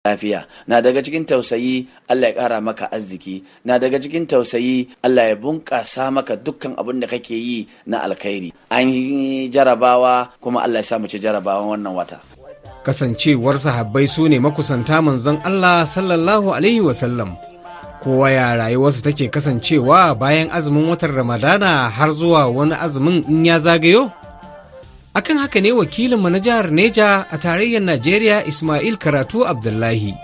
lafiya na daga cikin tausayi Allah ya kara maka arziki na daga cikin tausayi Allah ya bunƙasa maka dukkan abin da kake yi na alkhairi an yi jarabawa kuma Allah ya sa mu ci jarabawan wannan wata kasancewar sahabbai su ne makusanta manzon Allah sallallahu alaihi wasallam kowa ya rayuwarsu take kasancewa bayan azumin watan ramadana har zuwa wani azumin in ya zagayo akan haka ne wakilinmu na jihar neja a tarayyar najeriya ismail karatu abdullahi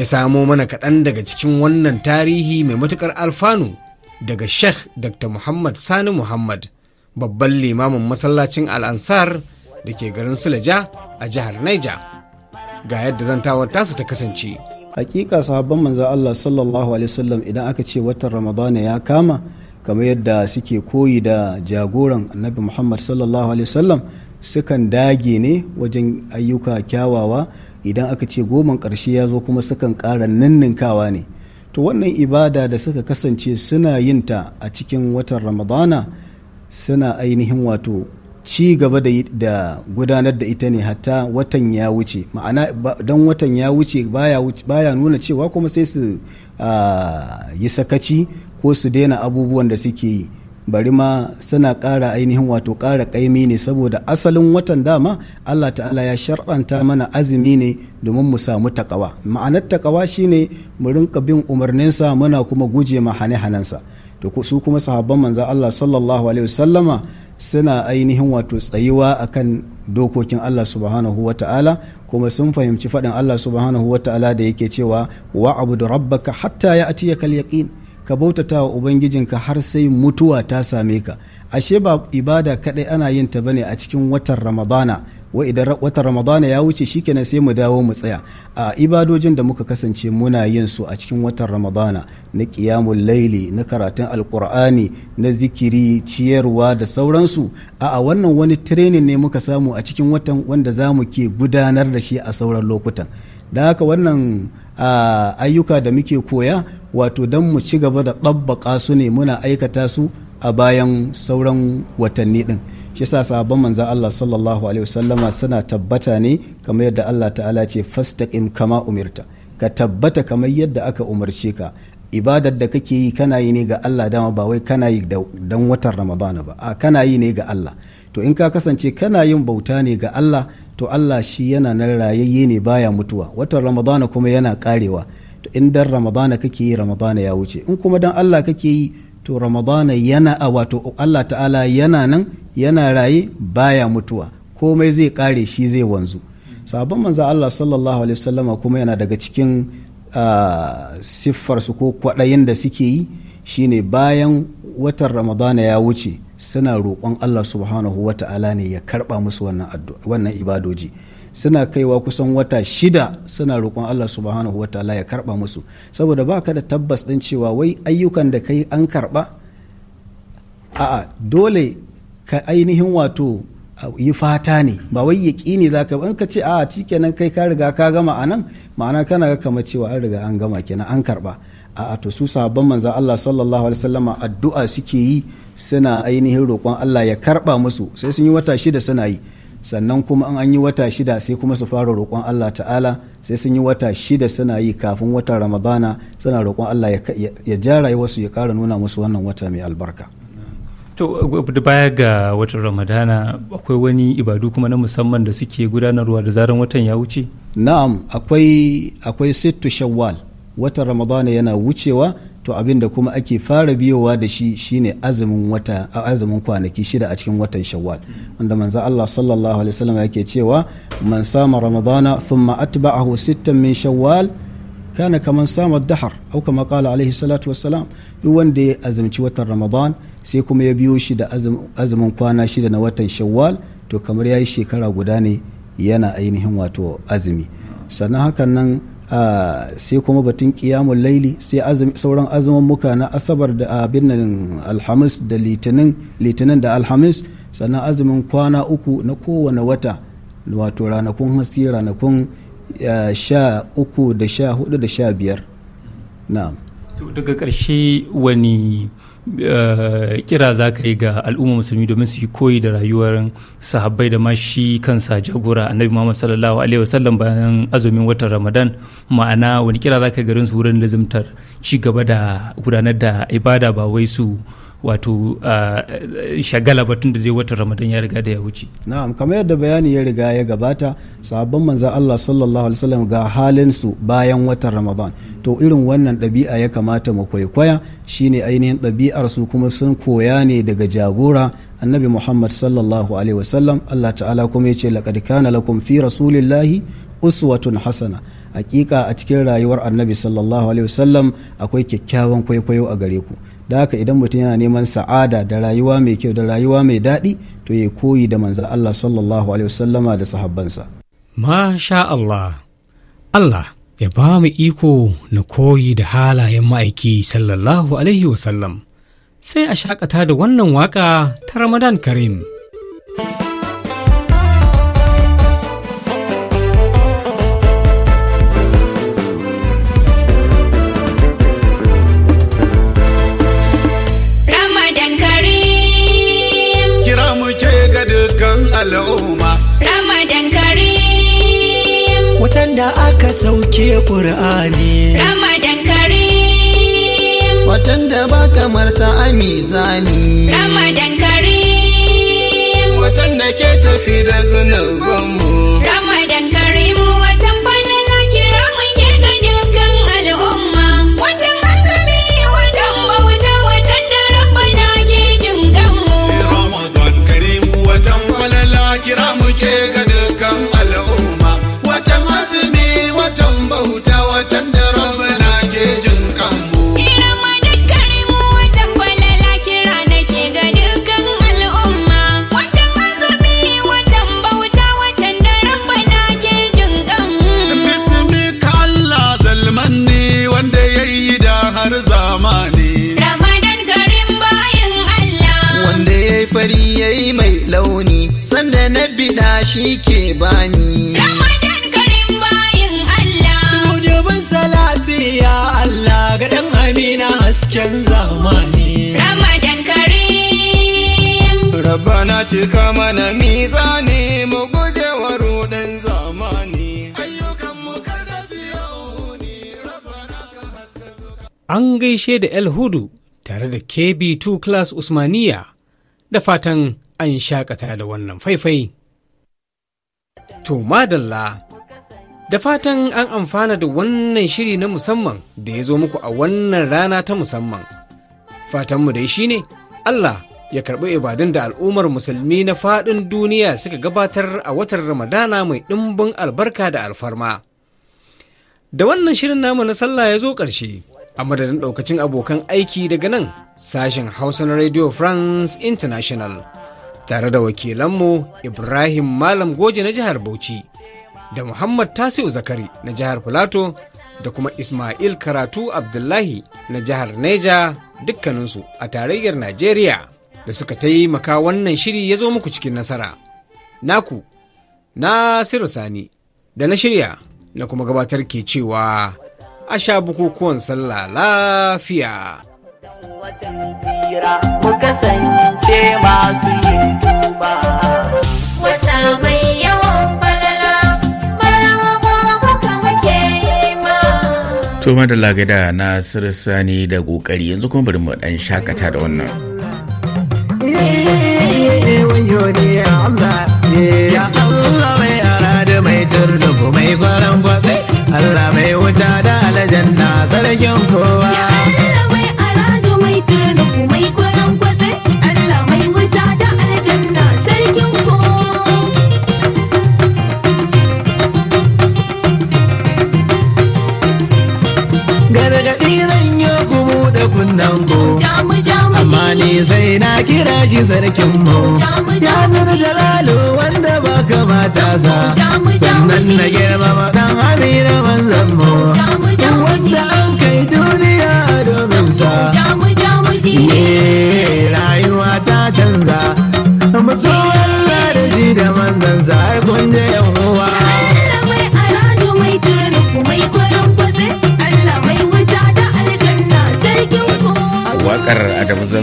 ya samo mana kaɗan daga cikin wannan tarihi mai matuƙar alfanu daga sheikh dr muhammad sani muhammad babban limamin masallacin al'ansar da ke garin sulaja a jihar neja ga yadda zantawar tasu ta kasance hakika sahabban manzo allah sallallahu alaihi wasallam idan aka ce watan ramadana ya kama kamar yadda suke koyi da jagoran annabi muhammad sallallahu alaihi wasallam sukan dage ne wajen ayyuka kyawawa idan aka ce goman ƙarshe ya zo kuma sukan ƙara ninninkawa ne to wannan ibada da suka kasance suna yin ta a cikin watan ramadana suna ainihin wato ci gaba da gudanar da ita ne hatta watan ya wuce ma'ana don watan ya wuce baya nuna cewa kuma sai su yi sakaci ko su daina abubuwan da suke yi bari ma suna ƙara ainihin wato ƙara ƙaimi ne saboda asalin watan dama Allah ta'ala ya shar'anta mana azumi ne domin mu samu takawa ma'anar takawa shine mu rinka bin umarninsa muna kuma guje ma hane-hanensa to su kuma sahabban manzo Allah sallallahu alaihi wasallama suna ainihin wato tsayuwa akan dokokin Allah subhanahu wa ta'ala kuma sun fahimci faɗin Allah subhanahu wa ta'ala da yake cewa wa abu rabbaka hatta ya kal yaqin ka bautata wa ubangijinka har sai mutuwa ta same ka ashe ba ibada kadai ana yin ta bane a cikin watan ramadana wa idan watan ramadana ya wuce shikenan sai mu dawo mu tsaya a ibadojin da muka kasance muna yin su a cikin watan ramadana na qiyamul laili na karatun alqur'ani na zikiri ciyarwa da sauransu a wannan wani training ne muka samu a cikin watan wanda zamu ke gudanar da shi a sauran lokutan da haka wannan ayyuka da muke koya wato don mu ci gaba da ɗabbaƙa su ne muna aikata su a bayan sauran watanni ɗin shi sa sabon manzan Allah sallallahu alaihi wasallama suna tabbata ne kamar yadda Allah ta'ala ce fastaqim kama umirta ka tabbata kamar yadda aka umarce ka ibadar da kake yi kana yi ne ga Allah dama ba wai kana yi don watan Ramadana ba a kana yi ne ga Allah to in ka kasance kana yin bauta ne ga Allah to Allah shi yana nan rayayye ne baya mutuwa watan ramadana kuma yana karewa to in dan ramadana kake yi ramadana ya wuce in kuma dan Allah kake yi to ramadana yana a wato Allah ta'ala yana nan yana raye baya mutuwa komai zai kare shi zai wanzu sabon manzo Allah sallallahu alaihi wasallama kuma yana daga cikin siffarsu ko kwaɗayin da suke yi shine bayan watan ramadana ya wuce suna roƙon allah subhanahu wa ta'ala ne ya karɓa musu wannan ibadoji suna kaiwa kusan wata shida suna roƙon Allah subhanahu wa ta'ala ya karɓa musu saboda ba ka da tabbas ɗin cewa wai ayyukan da kai an karɓa a'a dole ka ainihin wato yi fata ne ba wai yaƙi ne za ka in ka ce a kenan kai ka riga ka gama a nan ma'ana kana ga kama cewa an riga an gama kenan an karɓa A'a, to su sahabban manzon Allah sallallahu alaihi wasallama addu'a suke yi suna ainihin roƙon Allah ya karba musu sai sun yi wata shida suna yi sannan kuma an yi wata shida sai kuma su fara roƙon Allah ta'ala sai sun yi wata shida suna yi kafin watan ramadana suna roƙon Allah ya ja wasu ya ƙara nuna musu wannan wata mai albarka to baya ga watan ramadana akwai wani ibadu kuma na musamman da suke gudanarwa da zaran watan ya wuce na'am akwai akwai sittu shawwal watan ramadana yana wucewa to abin da kuma ake fara biyowa da shi shine azumin wata azumin kwanaki shida a cikin watan shawwal wanda manzo Allah sallallahu alaihi wasallam yake cewa man sama ramadana thumma atba'ahu sittan min shawwal kana kaman sama dahar au kama qala alaihi salatu wassalam duk wanda ya azumci watan ramadan sai kuma ya biyo shi da azumin kwana shida na watan shawwal to kamar yayi shekara guda ne yana ainihin wato azumi sannan hakan nan sai kuma batun kiyamun laili sai sauran azumin muka na asabar da abin nan alhamis da litinin da alhamis sannan azumin kwana uku na kowane wata wato ranakun haske ranakun sha uku da sha hudu da sha biyar na daga ƙarshe wani Eh, kira za ka yi ga al'umma musulmi domin su yi koyi da rayuwar sahabbai da ma shi kansa jagora annabi muhammad sallallahu alaihi wasallam bayan azumin watan ramadan ma'ana wani kira za ka yi garin su wurin lazimtar ci gaba da gudanar da ibada ba wai su wato shagala batun da dai watan ramadan ya riga da ya wuce na'am kamar yadda bayani ya riga ya gabata sabon manzan Allah sallallahu alaihi wasallam ga halin su bayan watan ramadan to irin wannan ɗabi'a ya kamata mu kwaikwaya shine ainihin ɗabi'ar su kuma sun koya ne daga jagora annabi muhammad sallallahu alaihi wasallam Allah ta'ala kuma ya ce laqad kana lakum fi rasulillahi uswatun hasana hakika a cikin rayuwar annabi sallallahu alaihi wasallam akwai kyakkyawan kwaikwayo a gare ku da haka idan mutum yana neman sa'ada da rayuwa mai kyau da rayuwa mai daɗi to ya koyi da manzan Allah sallallahu alaihi wasallama da sahabbansa masha Allah Allah ya ba mu iko na koyi da halayen ma'aiki sallallahu alaihi wasallam sai a shakata da wannan waka ta Ramadan Karim. sauke ƙur'ani ramadan karim watan da ba kamar sa a mizani ramadan karim watan da ke tafi da zunubanmu ramadan shi ke bani Ramadan karim bayin Allah Mudubin salati ya Allah ga Amina hasken zamani Ramadan karim Rabbana cika mana mizani mu guje wa rudan zamani An gaishe da El Hudu tare da KB2 Class Usmaniya da fatan an shakata da wannan faifai. To madalla, da fatan an amfana da wannan shiri na musamman da ya zo muku a wannan rana ta musamman. Fatanmu dai shi ne, Allah ya karɓi ibadun da al'ummar musulmi na faɗin duniya suka gabatar a watan Ramadana mai ɗimbin albarka da alfarma. Da wannan shirin namu na sallah ya zo ƙarshe, a madadin ɗaukacin abokan aiki daga nan sashen Hausa na Radio France International. tare da wakilanmu Ibrahim Malam Goje na jihar Bauchi da Muhammad Tasiu Zakari na jihar Filato da kuma Ismail Karatu Abdullahi na jihar Neja dukkaninsu a tarayyar Najeriya da suka taimaka wannan shiri ya zo muku cikin nasara. Naku, Nasiru Sani, da na shirya na kuma gabatar ke cewa a sha bukukuwan sallah lafiya. watan tsira mu kasance masu yin tuba wata mai yawan falala maraba muka muke yi ma to da lagada na sirsani da kokari yanzu kuma bari mu dan shakata da wannan eh, eh, Ya Allah mai ara da mai jirgin mai kwaran kwatsai Allah mai wuta da aljanna sarkin kowa. jalalu wanda ba kamata sa sannan na girmama dan amina manzan mu wanda an kai duniya domin sa rayuwa ta canza masu Allah da shi da manzan sa har kun je yan uwa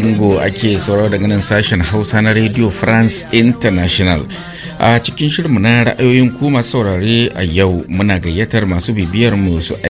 zango ake sauraro daga nan sashen hausa na radio france international a cikin shirinmu na ra'ayoyin ku masu saurare a yau muna gayyatar masu bibiyar mu su